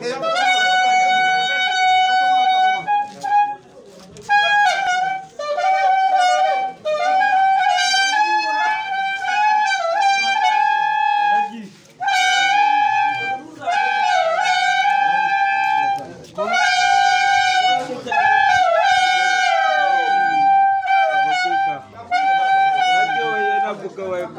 Ele...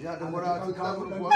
Ya da mura ta kawo